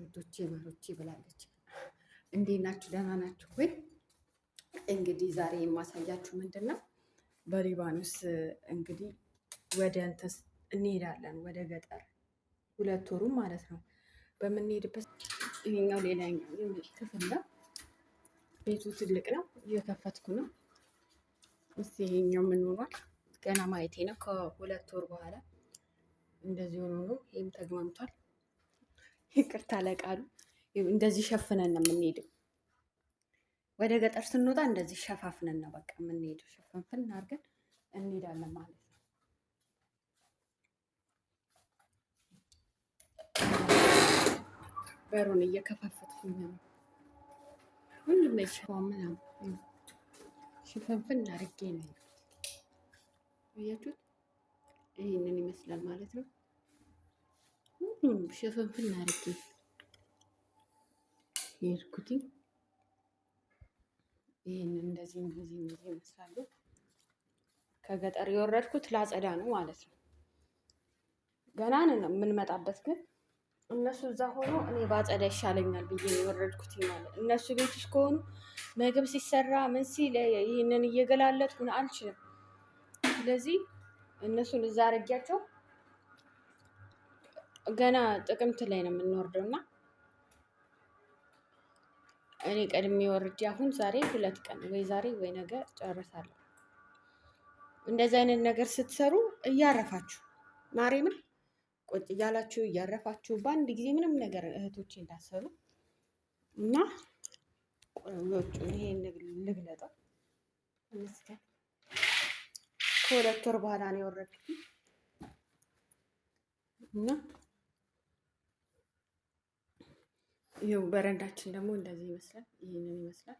ውዶቼ ማሮቼ ብላለች። እንዴት ናችሁ? ደህና ናችሁ ወይ? እንግዲህ ዛሬ የማሳያችሁ ምንድን ነው በሊባኖስ እንግዲህ ወደ እንትን እንሄዳለን ወደ ገጠር ሁለት ወሩም ማለት ነው። በምንሄድበት ይሄኛው ሌላኛው ክፍል ነው። ቤቱ ትልቅ ነው። እየከፈትኩ ነው። እስኪ ይሄኛው ምን ሆኗል? ገና ማየቴ ነው። ከሁለት ወር በኋላ እንደዚህ ሆኖ ነው። ይህም ተግማምቷል። ይቅርታ ለቃሉ እንደዚህ ሸፍነን ነው የምንሄደው። ወደ ገጠር ስንወጣ እንደዚህ ሸፋፍነን ነው በቃ የምንሄደው። ሸፈንፍን አድርገን እንሄዳለን ማለት ነው። በሩን እየከፋፈትኩኝ ነው። ሁሉም ምናምን ሽፍንፍን አድርጌ ነው ያችሁት። ይህንን ይመስላል ማለት ነው። ሁሉንም አድርጌ የሄድኩት ይህን እንደዚህ እንደዚህ እንደዚህ ይመስላሉ። ከገጠር የወረድኩት ላጸዳ ነው ማለት ነው። ገና የምንመጣበት ግን እነሱ እዛ ሆኖ እኔ ባጸዳ ይሻለኛል ብዬ የወረድኩት ማለት እነሱ ቤት ውስጥ ከሆኑ ምግብ ሲሰራ ምን ሲል ይህንን እየገላለጥኩ አልችልም። ስለዚህ እነሱን እዛ አረጊያቸው ገና ጥቅምት ላይ ነው የምንወርደው እና እኔ ቀድሜ ወርጄ አሁን ዛሬ ሁለት ቀን ወይ ዛሬ ወይ ነገ ጨርሳለሁ። እንደዚህ አይነት ነገር ስትሰሩ እያረፋችሁ ማርያምን ቁጭ እያላችሁ እያረፋችሁ በአንድ ጊዜ ምንም ነገር እህቶች እንዳሰሩ እና ይሄን ልግለጠው ይመስገን። ከሁለት ወር በኋላ ነው የወረድኩት እና ይኸው በረንዳችን ደግሞ እንደዚህ ይመስላል። ይህንን ይመስላል።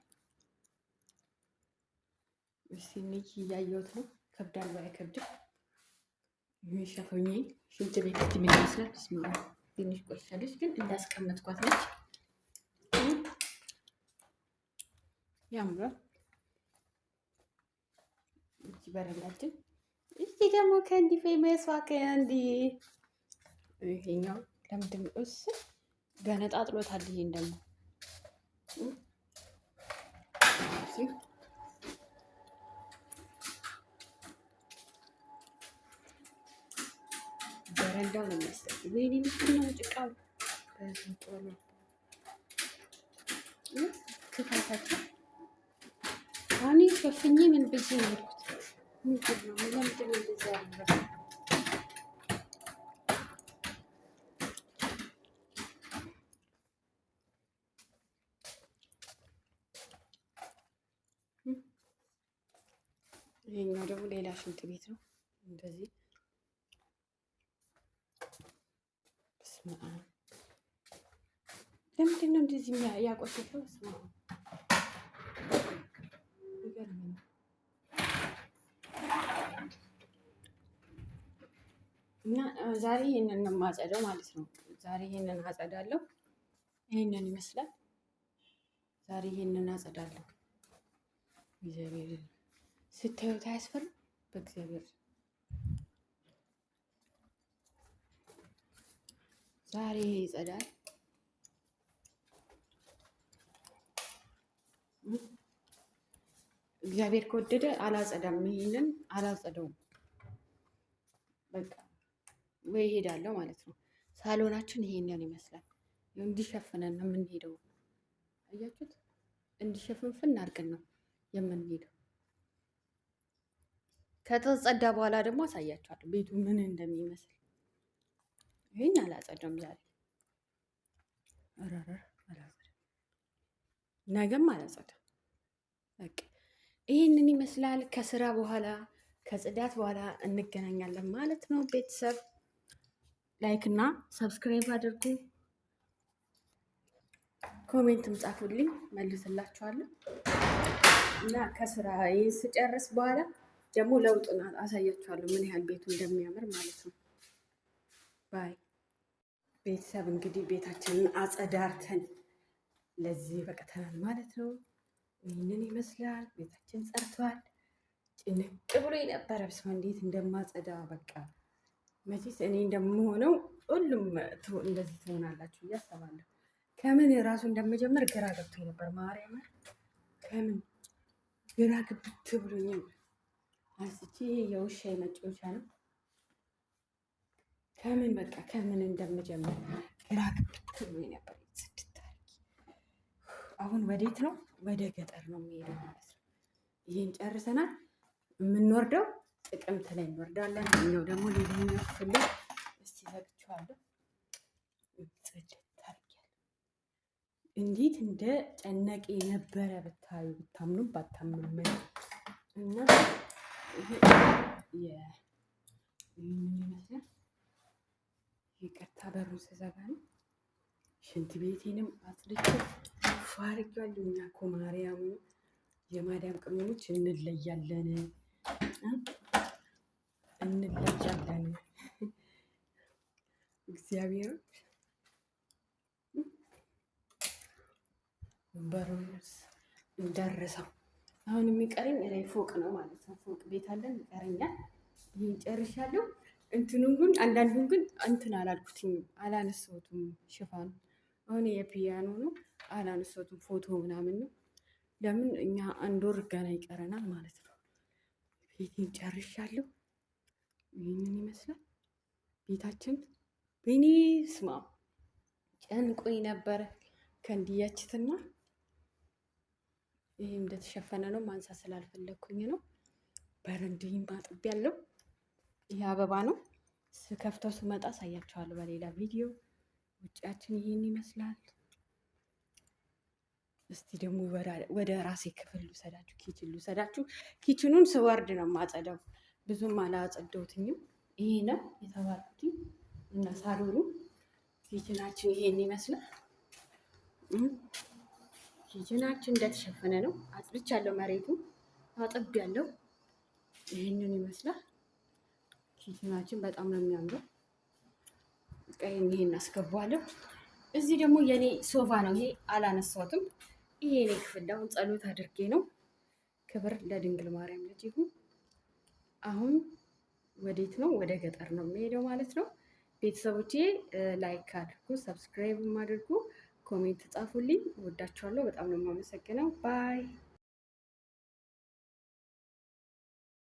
እስቲ ንይ እያየሁት ነው። ከብዳል ባይከብድም የሚሸፈኝ ሽንት ቤት ውስጥ ምን ይመስላል? ስማ ትንሽ ቆይታለች፣ ግን እንዳስቀመጥኳት ነች። ያምራል። እቺ በረንዳችን። እቺ ደግሞ ከእንዲ ፌመስ ዋከ እንዲ ይሄኛው ለምንድን ነው እሱ ገነጣጥሎታል። ይሄን ደግሞ በረንዳው ነው የሚያስጠ ወይኔ ምንድነው ጭቃው በዝንጦሎ ክፋታቸው እኔ ሸፍኜ ምን ብዬ ነው የሄድኩት? ምንድነው ለምንድነው እንደዚያ ያደረገ ይሄኛው ደግሞ ሌላ ሽንት ቤት ነው። እንደዚህ ስማ፣ ለምንድን ነው እንደዚህ ያቆሸሸው? ስማ እና ዛሬ ይህንን ነው የማጸደው ማለት ነው። ዛሬ ይህንን አጸዳለሁ። ይህንን ይመስላል። ዛሬ ይህንን አጸዳለሁ። እግዚአብሔር ስታዩት አያስፈራም? በእግዚአብሔር ዛሬ ይጸዳል። እግዚአብሔር ከወደደ አላጸዳም። ይህንን አላጸዳውም። በቃ ወይ እሄዳለሁ ማለት ነው። ሳሎናችን ይሄንን ይመስላል። እንዲሸፍነን የምንሄደው። አያችሁት? እንዲሸፍንፍን አድርገን ነው የምንሄደው። ከተጸዳ በኋላ ደግሞ አሳያችኋለሁ ቤቱ ምን እንደሚመስል። ይህን አላጸዳም ዛሬ ነገም አላጸዳም። በቃ ይህንን ይመስላል። ከስራ በኋላ ከጽዳት በኋላ እንገናኛለን ማለት ነው። ቤተሰብ ላይክ እና ሰብስክራይብ አድርጉ፣ ኮሜንትም ጻፉልኝ፣ መልስላችኋለሁ እና ከስራ ይህን ስጨርስ በኋላ ደግሞ ለውጥ አሳያችኋለሁ፣ ምን ያህል ቤቱ እንደሚያምር ማለት ነው። ባይ ቤተሰብ እንግዲህ ቤታችንን አጸዳርተን ለዚህ በቀተናል ማለት ነው። ይህንን ይመስላል ቤታችን ጸርቷል። ጭንቅ ብሎ የነበረ ብስማ እንዴት እንደማጸዳ በቃ መቼስ እኔ እንደምሆነው ሁሉም እንደዚህ ትሆናላችሁ ብዬ ከምን ራሱ እንደመጀመር ግራ ገብቶ ነበር። ማርያም ከምን ግራ ግብት ነበር። አንስቼ የውሻ መጫወቻ ነው። ከምን በቃ ከምን እንደምጀምር ግራ ግብት ብሎኝ ነበር። ስድስት አሁን ወዴት ነው? ወደ ገጠር ነው የሚሄደው ማለት ነው። ይህን ጨርሰናል። የምንወርደው ጥቅምት ላይ እንወርዳለን። እኛው ደግሞ ሌላኛው ክፍል እስቲ ዘግቼዋለሁ። እንዴት እንደ ጨነቄ የነበረ ብታዩ፣ ብታምኑም ባታምኑም እና ይህንን ይመስላል። ይቅርታ በሩን ስዘጋ ነው። ሽንት ቤቴንም አጽድቼ ፋርጊያለሁ። እኛ እኮ ማርያም የማዳም ቅመሞች እንለያለን እንለያለን። እግዚአብሔር በሩን እንዳረሰው አሁን የሚቀረኝ ላይ ፎቅ ነው ማለት ነው። ፎቅ ቤት አለን ይቀረኛል። ይህን ጨርሻለሁ። እንትኑን ግን አንዳንዱን ግን እንትን አላልኩትኝም፣ አላነሳሁትም። ሽፋኑ አሁን የፒያኖ ነው፣ አላነሳሁትም። ፎቶ ምናምን ነው። ለምን እኛ አንድ ወር ገና ይቀረናል ማለት ነው። ቤቴን ጨርሻለሁ። ይህንን ይመስላል ቤታችን። በኔ ስማ ጨንቆኝ ነበረ ከንድያችትና ይህ እንደተሸፈነ ነው ማንሳት ስላልፈለግኩኝ ነው። በረንድኝ ማጥብ ያለው ይህ አበባ ነው። ስከፍተው ስመጣ አሳያቸዋለሁ በሌላ ቪዲዮ። ውጫችን ይህን ይመስላል። እስቲ ደግሞ ወደ ራሴ ክፍል ልውሰዳችሁ፣ ኪችን ልውሰዳችሁ። ኪችኑን ስወርድ ነው ማጸደው፣ ብዙም አላጸደውትኝም። ይሄ ነው የተባልኩት እና ሳሩሩ ኪችናችን ይሄን ይመስላል። ኪችናችን እንደተሸፈነ ነው። ያለው መሬቱ አጥብ ያለው ይህንን ይመስላል። ኪችናችን በጣም ነው የሚያምረው። ቀይም ይሄን አስገባለሁ። እዚህ ደግሞ የኔ ሶፋ ነው። ይሄ አላነሳትም። ይሄ የኔ ክፍል አሁን ጸሎት አድርጌ ነው። ክብር ለድንግል ማርያም ልጅ ይሁን። አሁን ወዴት ነው? ወደ ገጠር ነው የሚሄደው ማለት ነው። ቤተሰቦቼ ላይክ አድርጉ፣ ሰብስክራይብ አድርጉ። ኮሜንት ጻፉልኝ። እወዳችኋለሁ። በጣም ነው የማመሰግነው። ባይ